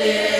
de